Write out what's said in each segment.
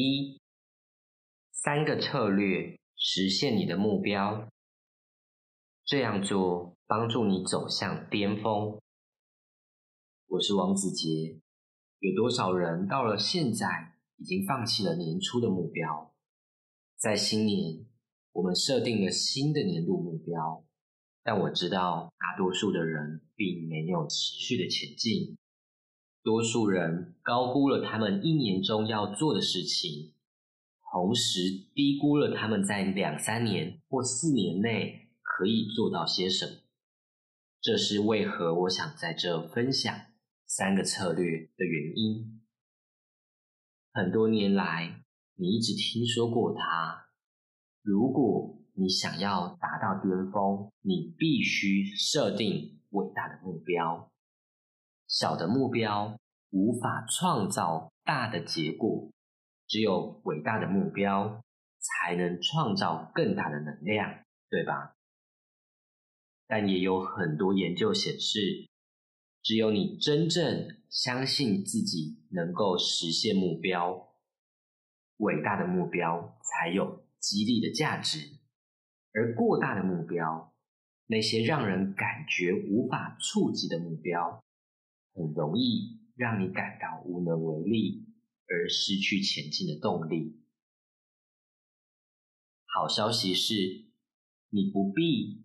一三個策略實現你的目標，這樣做幫助你走向巔峰。我是王子杰，有多少人到了現在已經放棄了年初的目標？在新年，我們設定了新的年度目標，但我知道大多數的人並沒有持續的前進。多數人高估了他們一年中要做的事情，同時低估了他們在兩三年或四年內可以做到些什麼。這是為何我想在這分享三個策略的原因。很多年來，你一直聽說過它，如果你想要達到巔峰，你必須設定偉大的目標，小的目標。無法創造大的結果，只有偉大的目標才能創造更大的能量，對吧？但也有很多研究顯示，只有你真正相信自己能夠實現目標，偉大的目標才有激勵的價值，而過大的目標，那些讓人感覺無法觸及的目標，很容易讓你感到無能為力，而失去前進的動力。好消息是，你不必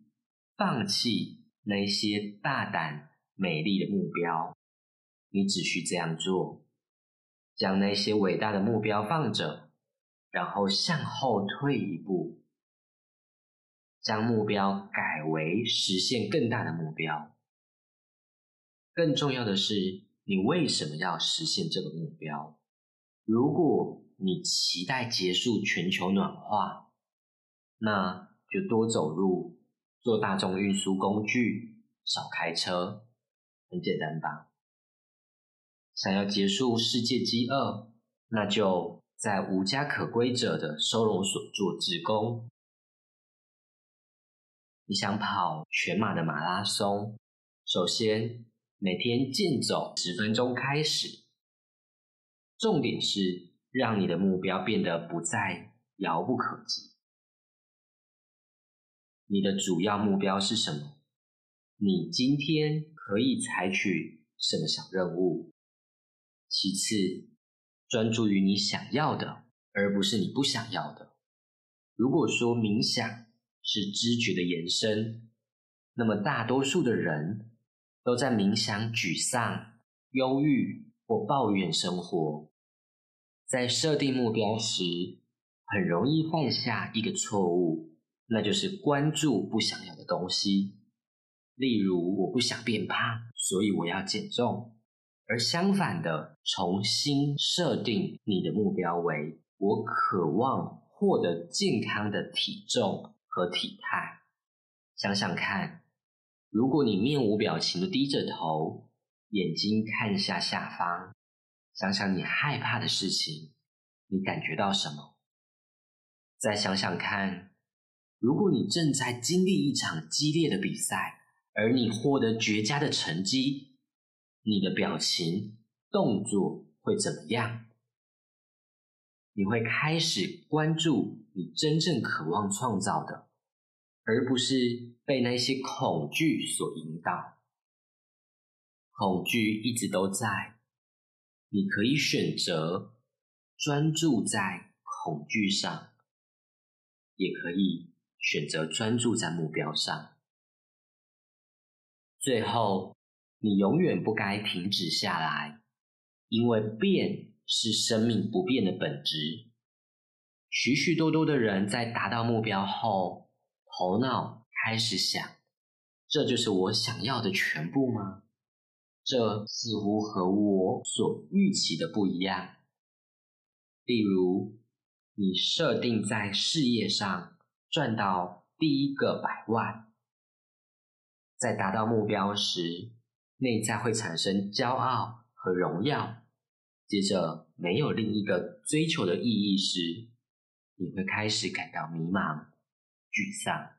放棄那些大膽美麗的目標，你只需這樣做：將那些偉大的目標放着，然後向後退一步，將目標改為實現更大的目標。更重要的是，你為什麼要實現這個目標？如果你期待結束全球暖化，那就多走路，坐大眾運輸工具，少開車，很簡單吧？想要結束世界飢餓，那就在無家可歸者的收容所做志工。你想跑全馬的馬拉松，首先，每天健走十分鐘開始，重點是讓你的目標變得不再遙不可及。你的主要目標是什麼？你今天可以採取什麼小任務？其次，專注於你想要的，而不是你不想要的。如果說冥想是知覺的延伸，那麼大多數的人。都在冥想、沮喪、憂鬱或抱怨生活。在設定目標時，很容易犯下一個錯誤，那就是關注不想要的東西。例如，我不想變胖，所以我要減重。而相反的，重新設定你的目標為：我渴望獲得健康的體重和體態。想想看。如果你面無表情地低着頭，眼睛看一下下方，想想你害怕的事情，你感覺到什麼？再想想看，如果你正在經歷一場激烈的比賽，而你獲得絕佳的成績，你的表情、動作會怎麼樣？你會開始關注你真正渴望創造的。而不是被那些恐懼所引導。恐懼一直都在，你可以選擇專注在恐懼上，也可以選擇專注在目標上。最後，你永遠不該停止下來，因為變是生命不變的本質。許許多多的人在達到目標後。頭腦開始想，這就是我想要的全部嗎？這似乎和我所預期的不一樣。例如，你設定在事業上賺到第一個百萬，在達到目標時，內在會產生驕傲和榮耀，接着沒有另一個追求的意義時，你會開始感到迷茫。沮喪。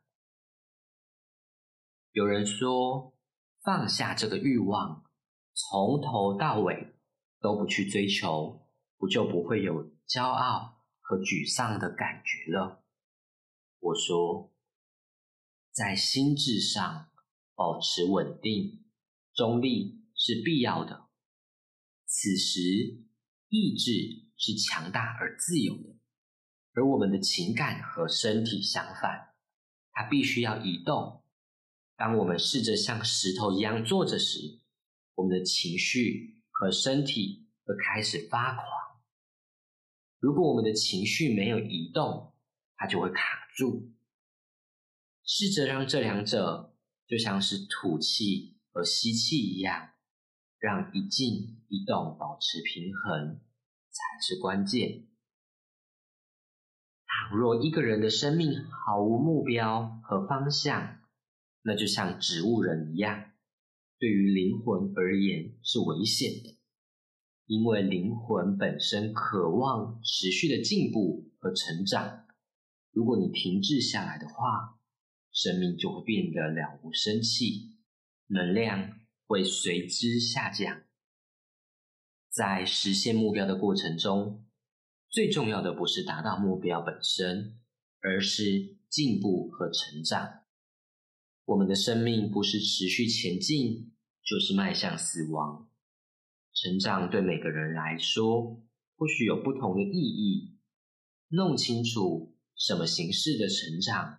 有人說，放下這個慾望，從頭到尾都不去追求，不就不會有驕傲和沮喪的感覺了？我說，在心智上保持穩定、中立是必要的。此時，意志是強大而自由的。而我們的情感和身體相反，它必須要移動。當我們試着像石頭一樣坐着時，我們的情緒和身體會開始發狂。如果我們的情緒沒有移動，它就會卡住。試着讓這兩者就像是吐氣和吸氣一樣，讓一靜一動保持平衡，才是關鍵。若一個人的生命毫無目標和方向，那就像植物人一樣，對於靈魂而言是危險的。因為靈魂本身渴望持續的進步和成長，如果你停滯下來的話，生命就會變得了無生氣，能量會隨之下降。在實現目標的過程中，最重要的不是達到目標本身，而是進步和成長。我們的生命不是持續前進，就是邁向死亡。成長對每個人來說，或許有不同的意義。弄清楚什麼形式的成長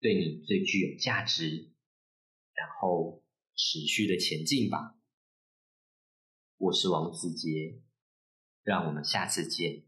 對你最具有價值，然後持續的前進吧。我是王子杰，讓我們下次見。